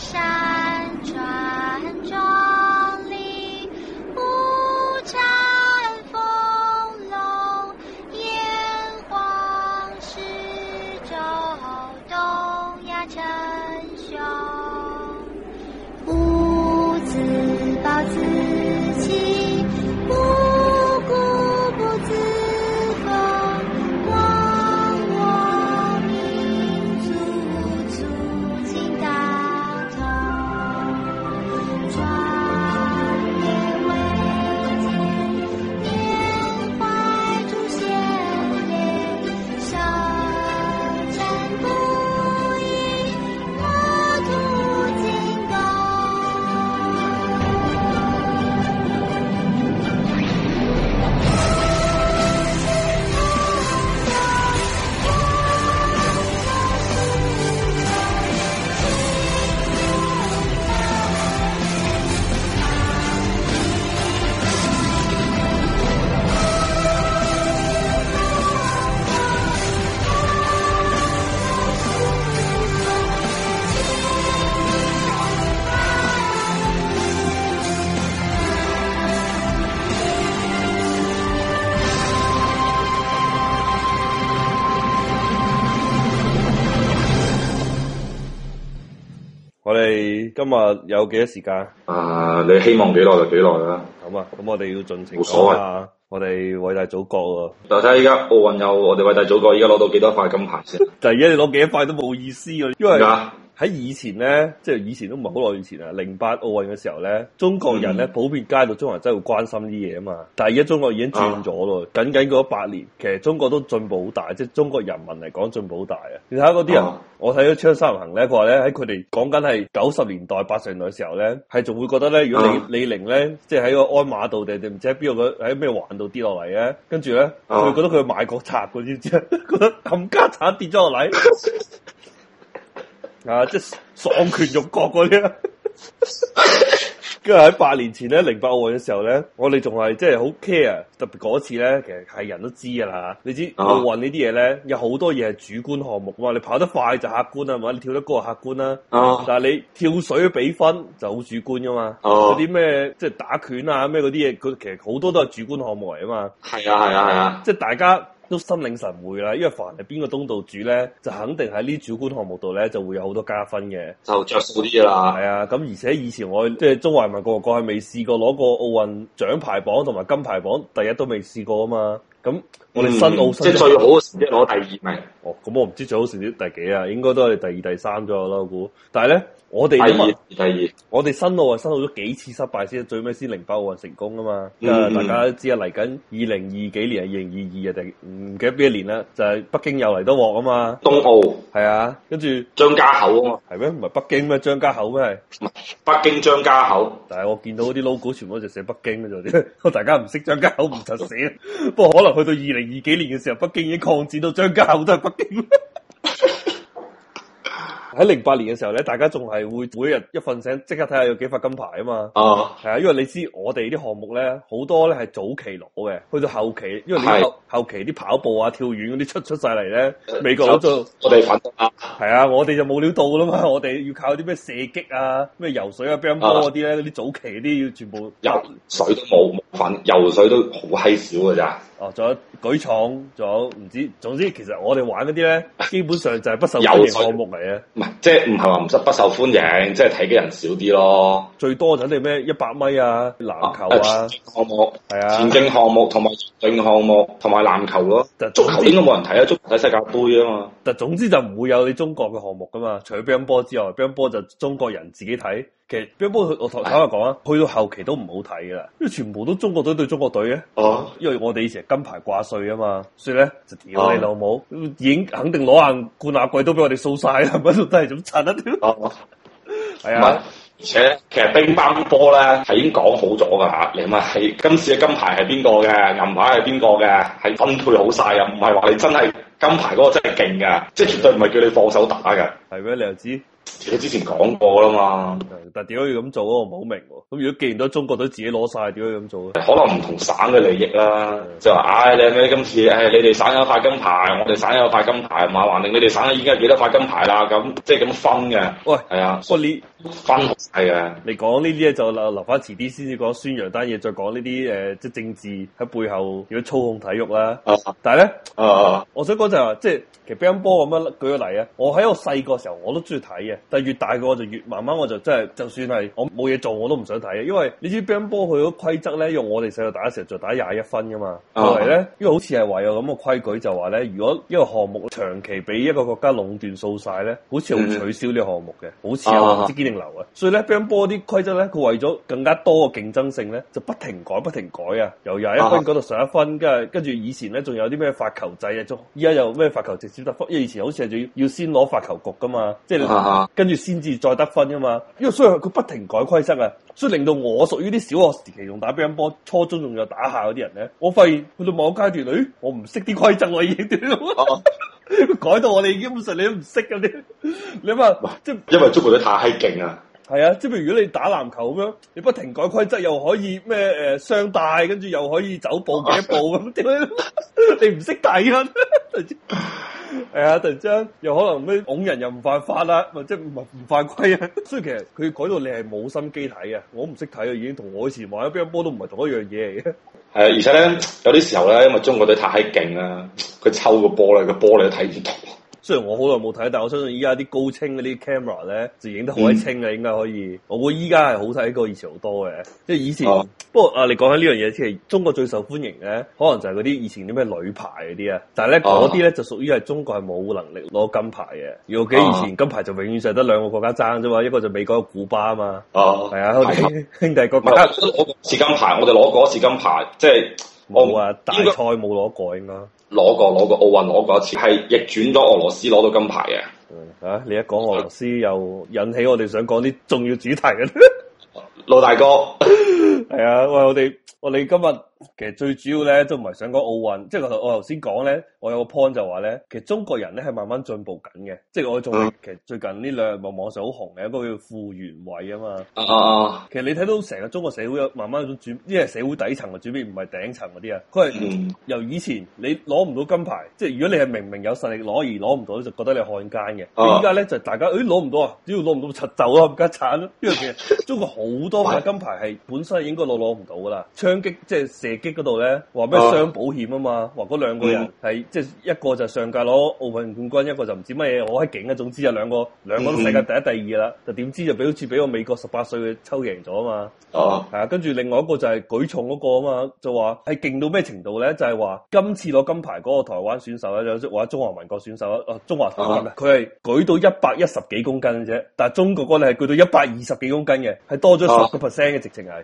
沙。我哋今日有幾多時間？啊，你希望幾耐就幾耐啦。咁啊，咁我哋要盡情講啦。我哋偉大祖國啊！就睇下依家奧運有我哋偉大祖國而家攞到幾多塊金牌先。就而家你攞幾多塊都冇意思啊，因為啊！點解？喺以前咧，即係以前都唔係好耐以前啊，零八奧運嘅時候咧，中國人咧普遍街度中國人真係會關心啲嘢啊嘛。但係而家中國已經轉咗咯，僅僅嗰八年，其實中國都進步好大，即係中國人民嚟講進步好大啊。你睇嗰啲人，啊、我睇咗《槍三行》咧，佢話咧喺佢哋講緊係九十年代八十年代嘅時候咧，係仲會覺得咧，如果李李寧咧，即係喺個鞍馬度定定唔知喺邊度喺咩環度跌落嚟咧，跟住咧佢覺得佢賣國賊嘅，知唔知，覺得冚家鏟跌咗落嚟。 啊！即係雙拳弱角嗰啲啦，跟住喺八年前咧，零八奧運嘅時候咧，我哋仲係即係好 care，特別嗰次咧，其實係人都知噶啦。你知奧運、啊、呢啲嘢咧，有好多嘢係主觀項目噶嘛，你跑得快就客觀啦，或者你跳得高就客觀啦。啊、但係你跳水嘅比分就好主觀噶嘛。哦、啊！嗰啲咩即係打拳啊咩嗰啲嘢，佢其實好多都係主觀項目嚟啊嘛。係啊係啊，即係、啊啊啊啊、大家。都心領神會啦，因為凡係邊個東道主咧，就肯定喺呢主觀項目度咧，就會有好多加分嘅，就着數啲啦。係啊，咁而且以前我即係、就是、中華人民共和國係未試過攞過奧運獎牌榜同埋金牌榜第一都未試過啊嘛，咁。我哋申奧即係最好嘅成績攞第二名？哦，咁我唔知最好成績第幾啊？應該都係第二、第三咗啦，估。但係咧，我哋第二，第二，我哋申奧啊，申奧咗幾次失敗先，最尾先零八奧運成功啊嘛。嗯。大家都知啊，嚟緊二零二幾年啊，二零二二啊定唔記得邊一年啦？就係北京又嚟得獲啊嘛。冬奧係啊，跟住張家口啊嘛，係咩？唔係北京咩？張家口咩？係北京張家口。但係我見到啲 logo 全部就寫北京嘅，就啲大家唔識張家口唔識寫。不過可能去到二零。二幾年嘅時候，北京已經擴展到張家口都係北京。喺零八年嘅時候咧，大家仲係會每日一瞓醒，即刻睇下有幾塊金牌啊嘛。啊，係啊，因為你知我哋啲項目咧，好多咧係早期攞嘅，去到後期，因為你、這、後、個、是後期啲跑步啊、跳遠嗰啲，出出晒嚟咧。美國佬就，就我哋反動啊。係啊，我哋就冇料到啦嘛。我哋要靠啲咩射擊啊、咩游水啊、乒乓波嗰啲咧，嗰啲、uh, 早期啲要全部游水都冇，反游水都好稀少噶咋。哦，仲有舉重，仲有唔知，總之其實我哋玩嗰啲咧，基本上就係不受歡迎項目嚟嘅。唔係，即係唔係話唔受不受歡迎，即係睇嘅人少啲咯。最多就肯定咩？一百米啊，籃球啊，項目係啊，田徑項目同埋游泳項目同埋籃球咯、啊。足球應該冇人睇啊，足球睇世界杯啊嘛。總之就唔會有你中國嘅項目噶嘛，除咗乒乓波之外，乒乓波就中國人自己睇。其實乒乓波我頭先講啊，去到後期都唔好睇噶啦，因為全部都中國隊對中國隊嘅。哦，因為我哋以前係金牌掛帥啊嘛，所以咧就屌你老母！已經肯定攞硬冠亞季都俾我哋掃晒啦，乜都都係咁襯得啲。哦，係啊。而且其實乒乓波咧係已經講好咗噶啦，你問係今次嘅金牌係邊個嘅，銀牌係邊個嘅，係分配好晒啊，唔係話你真係。金牌嗰個真係勁噶，即係絕對唔係叫你放手打㗎，係咩？你又知？你之前講過啦嘛，但點解要咁做？我唔好明喎。咁如果既然都中國隊自己攞晒，點解咁做咧？可能唔同省嘅利益啦，的就係話，唉、哎，你，你今次，唉、哎，你哋省有塊金牌，我哋省有塊金牌，係嘛？還定你哋省已經有幾多塊金牌啦？咁即係咁分嘅。喂，係啊的，你分，係啊。你講呢啲咧，就留留翻遲啲先至講孫楊單嘢，再講呢啲誒，即係政治喺背後要操控體育啦。但係咧，啊，我想講就係、是、話，即係其實乒乓波咁樣舉個例啊，我喺我細個時候我都中意睇嘅。但係越大個我就越慢慢我就真係、就是，就算係我冇嘢做我都唔想睇，因為你知 b a 乒乓波佢個規則咧，用我哋細路打嘅時候就打廿一分噶嘛，後來咧因為好似係唯有咁嘅規矩，就話咧如果一個項目長期俾一個國家壟斷掃晒咧，好似會取消呢個項目嘅，uh huh. 好似我唔知堅定流啊。Uh huh. 所以咧乒乓波啲規則咧，佢為咗更加多嘅競爭性咧，就不停改不停改啊，由廿一分改到十一分，跟住跟住以前咧仲有啲咩發球制啊，仲依家又咩發球直接得分，因為以前好似係要要先攞發球局噶嘛，即係、uh。Huh. 跟住先至再得分噶嘛，因為所以佢不停改規則啊，所以令到我屬於啲小學時期用打乒乓波，初中仲有打下嗰啲人咧，我發現去到某階段裏，哎，我唔識啲規則，我已經， 改到我哋基本上你都唔識嘅你，你啊，即係因為中國隊太係勁啊！係啊，即係譬如如果你打籃球咁樣，你不停改規則，又可以咩誒雙帶，跟住、呃、又可以走步幾步咁點 你唔識睇啊？係 啊，突然之間又可能咩拱人又唔犯法啦，或者唔唔犯規啊？ 所以其實佢改到你係冇心機睇啊，我唔識睇啊，已經同我以前玩乒乓波都唔係同一樣嘢嚟嘅。係啊，而且咧有啲時候咧，因為中國隊太勁啦，佢抽個波咧，個波你都睇唔到。雖然我好耐冇睇，但我相信依家啲高清嗰啲 camera 咧，就影得好鬼清啊！嗯、應該可以，我估依家係好睇過以前好多嘅。即係以前，啊、不過啊，你講緊呢樣嘢先，中國最受歡迎咧，可能就係嗰啲以前啲咩女排嗰啲啊。但係咧嗰啲咧就屬於係中國係冇能力攞金牌嘅。如果幾以前金牌就永遠就得兩個國家爭啫嘛，一個就美國、一個古巴啊嘛。哦，係啊，兄弟國。唔係，梗係攞次金牌，我哋攞過一次金牌，即係冇啊！為大賽冇攞過，應該。攞過攞過奧運攞過一次，係逆轉咗俄羅斯攞到金牌嘅。啊，你一講俄羅斯，啊，又引起我哋想講啲重要主題嘅， 老大哥，係 啊，喂，我哋我哋今日。其實最主要咧都唔係想講奧運，即係我我頭先講咧，我有個 point 就話咧，其實中國人咧係慢慢進步緊嘅，即係我仲、嗯、其實最近呢兩個網上好紅嘅一、那個叫傅園慧啊嘛，啊啊其實你睇到成個中國社會有慢慢一種轉，呢係社會底層嘅轉變唔係頂層嗰啲啊，佢係、嗯、由以前你攞唔到金牌，即係如果你係明明有實力攞而攞唔到，就覺得你漢奸嘅，依家咧就是、大家誒攞唔到啊，只要攞唔到就走咯，唔加鏟咯，因為其實中國好多塊金牌係本身應該攞攞唔到噶啦，槍擊即係。射擊嗰度咧，話咩雙保險啊嘛，話嗰兩個人係即係一個就上屆攞奧運冠軍，一個就唔知乜嘢，我閪勁啊！總之啊，兩個兩個世界第一第二啦，嗯、就點知就俾好似俾個美國十八歲嘅抽贏咗啊嘛，係啊，啊，跟住另外一個就係舉重嗰個啊嘛，就話係勁到咩程度咧？就係、是、話今次攞金牌嗰個台灣選手咧，或者中華民國選手啊，中華台灣嘅，佢係、啊、舉到一百一十幾公斤嘅啫，但係中國嗰個咧係舉到一百二十幾公斤嘅，係多咗十個 percent 嘅，直情係，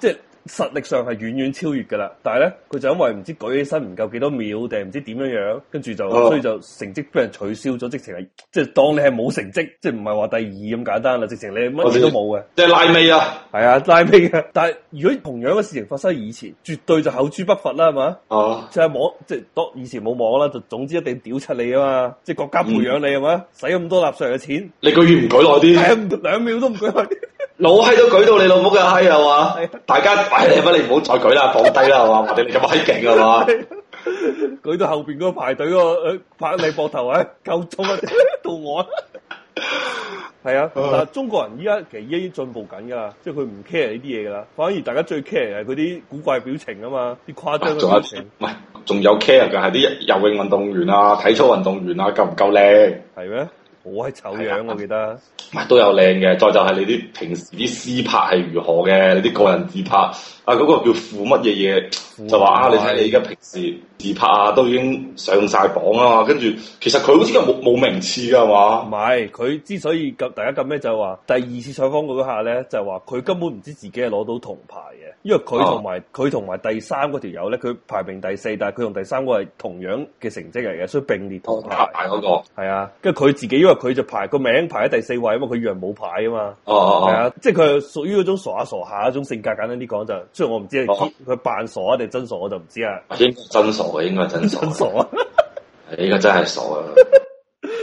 即係。實力上係遠遠超越噶啦，但係咧佢就因為唔知舉起身唔夠幾多秒，定唔知點樣樣，跟住就、oh. 所以就成績俾人取消咗，直情係即係當你係冇成績，即係唔係話第二咁簡單啦，直情你乜嘢都冇嘅。即係、oh, 拉尾啊，係啊，拉尾啊！但係如果同樣嘅事情發生以前，絕對就口誅筆伐啦，係嘛？哦、oh.，即係網即係多以前冇網啦，就總之一定屌出你啊嘛！即係國家培養你係嘛？使咁、嗯、多納稅人嘅錢，你個月唔舉落啲？係啊，兩秒都唔舉落啲。老閪都舉到你老母嘅閪啊嘛！啊大家擺你乜？你唔好再舉啦，放低啦，係嘛？我哋咁閪勁啊嘛！舉到後邊嗰個排隊個、啊，拍你膊頭啊！夠鍾啊，到我。係啊，但係，中國人依家其實已經進步緊噶啦，即係佢唔 care 呢啲嘢噶啦，反而大家最 care 係嗰啲古怪表情啊嘛，啲誇張。仲有，唔係，仲有 care 嘅係啲游泳運動員啊、體操運動員啊，夠唔夠靚？係咩？好閪醜樣，的我記得、嗯。唔、嗯、係都有靚嘅，再就係你啲平時啲私拍係如何嘅，你啲個人自拍啊，嗰、嗰個叫富乜嘢嘢？就話啊，你睇你而家平時自拍啊，都已經上晒榜啊嘛。跟住其實佢好似冇冇名次噶嘛？唔係，佢之所以咁大家咁咩，就話第二次採訪嗰下咧，就話佢根本唔知自己係攞到銅牌嘅，因為佢同埋佢同埋第三個條友咧，佢排名第四，但係佢同第三個係同樣嘅成績嚟嘅，所以並列同排。嗰、哦那個係啊。跟住佢自己因為佢就排個名排喺第四位，因為佢樣冇牌啊嘛。哦係啊，即係佢係屬於嗰種傻下傻下一種性格，簡單啲講就是，雖、就、然、是、我唔知係佢扮傻。啊啊真傻我就唔知啊，應真傻，啊， 應該真傻，真傻啊！呢家真係傻啊！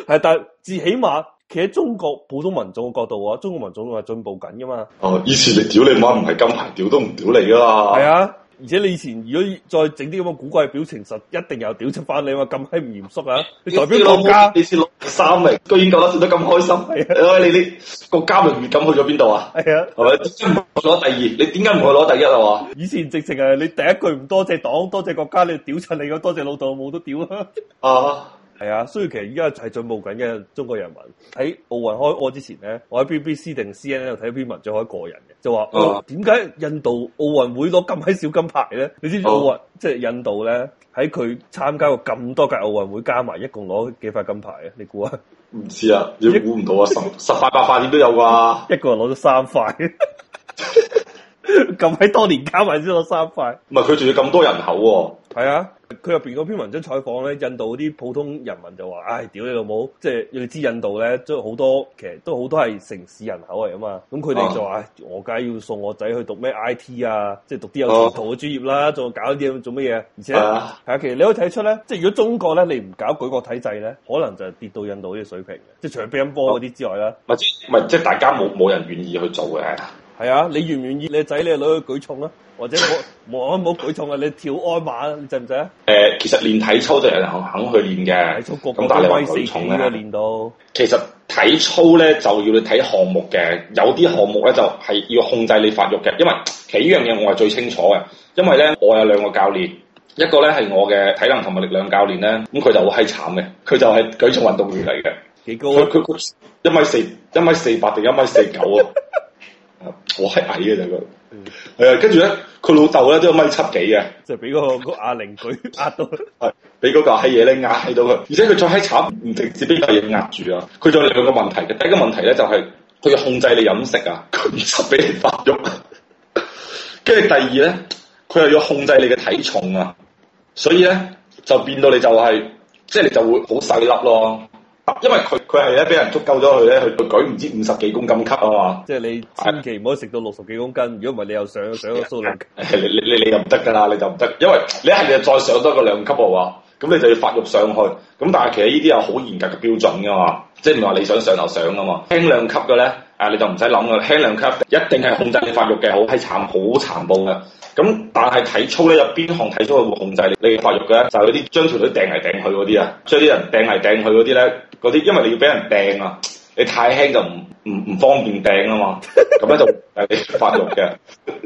係但至起碼，企喺中國普通民眾嘅角度，中國民眾都係進步緊噶嘛？哦，以前你屌你媽唔係金牌，屌都唔屌你噶嘛，係 啊。而且你以前如果再整啲咁嘅古怪表情，實一定又屌出翻你嘛？咁係唔嚴肅啊！你代表國家，你先攞三名，居然攞得食得咁開心，係啊！你你國家榮譽感去咗邊度啊？係啊，係咪真唔攞第二？你點解唔去攞第一啊？以前直情係你第一句唔多謝黨，多謝國家，你屌出你嘅多謝老豆冇得屌啊！啊！係啊，所以其實而家就係進步緊嘅中國人民喺奧運開波之前咧，我喺 BBC 定 CNN 度睇篇文章，我一個人嘅就話：點解印度奧運會攞咁閪少金牌咧？你知唔知奧運即係印度咧，喺佢參加過咁多屆奧運會，加埋一共攞幾塊金牌啊？你估啊？唔知啊，你估唔到啊？十十塊八塊點都有啩？一個人攞咗三塊，咁喺多年加埋先攞三塊。唔係佢仲要咁多人口啊。係啊，佢入邊嗰篇文章採訪咧，印度嗰啲普通人民就話：唉、哎，屌你老母！即係你知印度咧，即係好多，其實都好多係城市人口嚟，啊嘛。咁佢哋就話：我梗要送我仔去讀咩 IT 啊，即係讀啲有前途嘅專業啦，仲、啊、搞啲咁做乜嘢？而且，係啊，其實你可以睇出咧，即係如果中國咧，你唔搞舉國體制咧，可能就跌到印度呢個水平嘅。即係除咗乒乓波嗰啲之外啦，唔係、啊啊、即係係即係大家冇冇人願意去做嘅。係啊，你願唔願意你仔你阿女去舉重啊？或者我冇唔好舉重啊，你跳鞍馬啊，你制唔制啊？誒，其實練體操就有人肯去練嘅，咁、哦、但係你話舉重咧，練到其實體操咧就要你睇項目嘅，有啲項目咧就係、是、要控制你發育嘅，因為其實呢樣嘢我係最清楚嘅，因為咧我有兩個教練，一個咧係我嘅體能同埋力量教練咧，咁、嗯、佢就好閪慘嘅，佢就係舉重運動員嚟嘅，幾高佢，一米四一米四八定一米四九啊？ 我係矮嘅就佢，係啊，跟住咧，佢老豆咧都有米七幾嘅，就俾、是、嗰、嗯那個 個啞鈴舉壓到，係俾嗰嚿閪嘢咧壓到佢，而且佢再閪慘，唔直接俾嚿嘢壓住啊，佢仲有兩個問題嘅，第一個問題咧就係、是、佢要控制你飲食啊，佢唔俾你發育，跟 住第二咧，佢又要控制你嘅體重啊，所以咧就變到你就係、是，即、就、係、是、你就會好細粒咯。因為佢佢係咧俾人捉鳩咗佢咧，佢舉唔知五十幾公斤級啊嘛。即係你千祈唔好食到六十幾公斤，如果唔係你又上上個數量級。你你你又唔得噶啦，你就唔得，因為你係要再上多個兩級嘅話，咁你就要發育上去。咁但係其實呢啲有好嚴格嘅標準噶嘛，即係唔係話你想上就上噶嘛。輕量級嘅咧。啊！你就唔使諗㗎，輕量級一定係控制你發育嘅，好悲慘好殘暴嘅。咁但係體操咧，有邊項體操係會控制你你發育嘅咧？就係嗰啲將條腿掟嚟掟去嗰啲啊，將啲人掟嚟掟去嗰啲咧，嗰啲因為你要俾人掟啊，你太輕就唔唔唔方便掟啊嘛，咁咧就係發育嘅。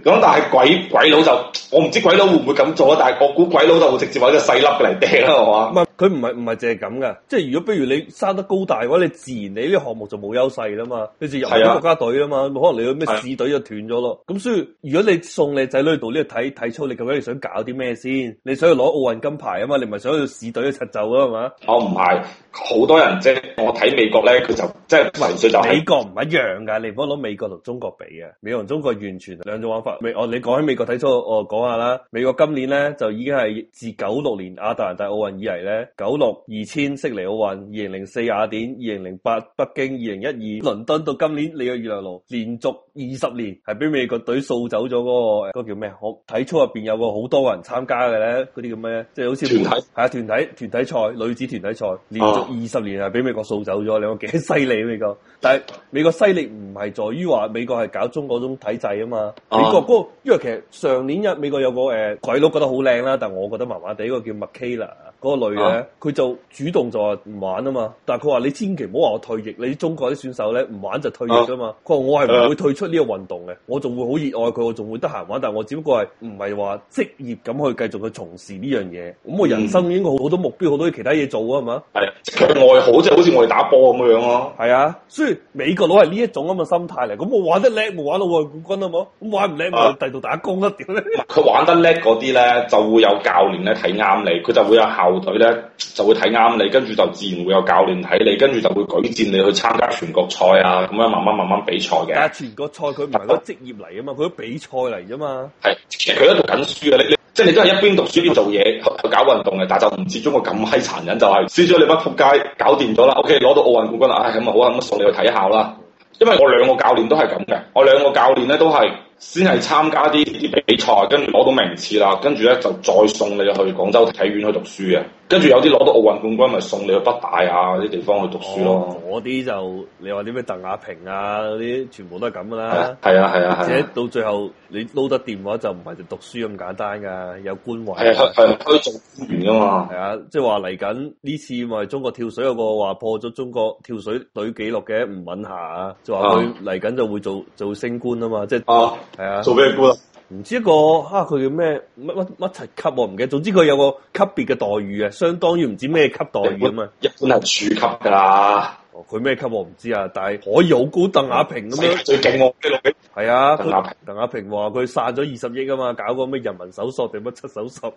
咁但係鬼鬼佬就，我唔知鬼佬會唔會咁做啊。但係我估鬼佬就會直接揾隻細粒嚟掟咯，係嘛？唔係佢唔係唔係淨係咁噶。即係如果不如你生得高大嘅話，你自然你呢個項目就冇優勢啦嘛。你自然入唔到國家隊啊嘛。啊，可能你去咩市隊就斷咗咯。咁、啊、所以如果你送你仔女去讀呢個體體操，你究竟係想搞啲咩先？你想去攞奧運金牌啊嘛？你唔係想去市隊一齊走啊嘛？我唔係，好多人即係我睇美國咧，佢就即係就美國就。 美國唔一樣嘅，你唔好攞美國同中國比啊！美國同中國完全兩種玩法。美，哦，你講喺美國體操，我講下啦。美國今年咧就已經係自九六年亞特蘭大奧運以嚟咧，九六二千悉尼奧運，二零零四雅典，二零零八北京，二零一二倫敦，到今年你嘅月亮路，連續二十年係俾美國隊掃走咗嗰個嗰個叫咩？我體操入邊有個好多人參加嘅咧，嗰啲叫咩？即係好似團體，團體，係啊，團體團體賽，女子團體賽，連續二十年係俾美國掃走咗，你個幾犀利美國。但係美。個犀利唔係在於話美國係搞中國種體制嘛啊嘛，美國、嗰因為其實上年一美國有個誒、呃、鬼佬覺得好靚啦，但係我覺得麻麻哋呢個叫 McKenna 啊。嗰個女嘅、啊，佢、啊、就主動就話唔玩啊嘛。但係佢話你千祈唔好話我退役。你中國啲選手咧唔玩就退役啊嘛。佢話我係唔會退出呢個運動嘅，我仲會好熱愛佢，我仲會得閒玩。但係我只不過係唔係話職業咁去繼續去從事呢樣嘢。咁我人生應該好多目標，好多啲其他嘢做啊，係嘛？係，即係愛好，即、就、係、是、好似我哋打波咁樣咯。係啊，雖然美國佬係呢一種咁嘅心態嚟。咁我玩得叻，玩我玩到冠軍啊嘛。咁玩唔叻，我去第度打工咯，屌你、啊！佢 玩得叻嗰啲咧，就會有教練咧睇啱你，佢就會有效。隊咧就會睇啱你，跟住就自然會有教練睇你，跟住就會舉薦你去參加全國賽啊，咁樣慢慢慢慢比賽嘅。 但係全國賽佢唔係一個職業嚟啊嘛，佢都比賽嚟啫嘛。係，其實佢都讀緊書啊，你你即係你都係一邊讀書一邊做嘢去搞運動嘅，但係就唔似中國咁閪殘忍，就係輸咗你把撲街搞掂咗啦。OK，攞到奧運冠軍啦，唉咁啊好啊，咁送你去睇下啦。因為我兩個教練都係咁嘅，我兩個教練咧都係。先係參加啲比賽，跟住攞到名次啦，跟住咧就再送你去廣州體院去讀書嘅。跟住有啲攞到奧運冠軍，咪送你去北大啊啲地方去讀書咯。我啲、哦、就你話啲咩鄧亞萍啊嗰啲，全部都係咁噶啦。係啊係啊係。即且、啊啊、到最後你攞得掂嘅話，就唔係就讀書咁簡單噶，有官位係係去做官噶嘛。係啊，即係話嚟緊呢次咪中國跳水有個話破咗中國跳水隊紀錄嘅吳敏霞啊，就話佢嚟緊就會做做升官啊嘛，即係、啊。係對啊，做咩官啊？唔知一個吓佢叫咩乜乜乜級我唔記得，總之佢有個級別嘅待遇啊，相當於唔知咩級待遇咁啊。一般係處級噶啦，哦，佢咩級我唔知啊，但係 pione. 可以好高。鄧亞萍咁樣最勁，我六幾係啊？鄧亞萍，鄧亞萍話佢散咗二十億啊嘛，搞嗰咩人民搜索定乜七搜索？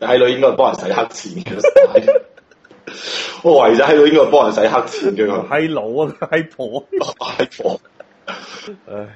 閪佬應該係幫人洗黑錢嘅，我懷疑閪佬應該係幫人洗黑錢嘅佢。閪佬啊，閪婆，閪婆，唉。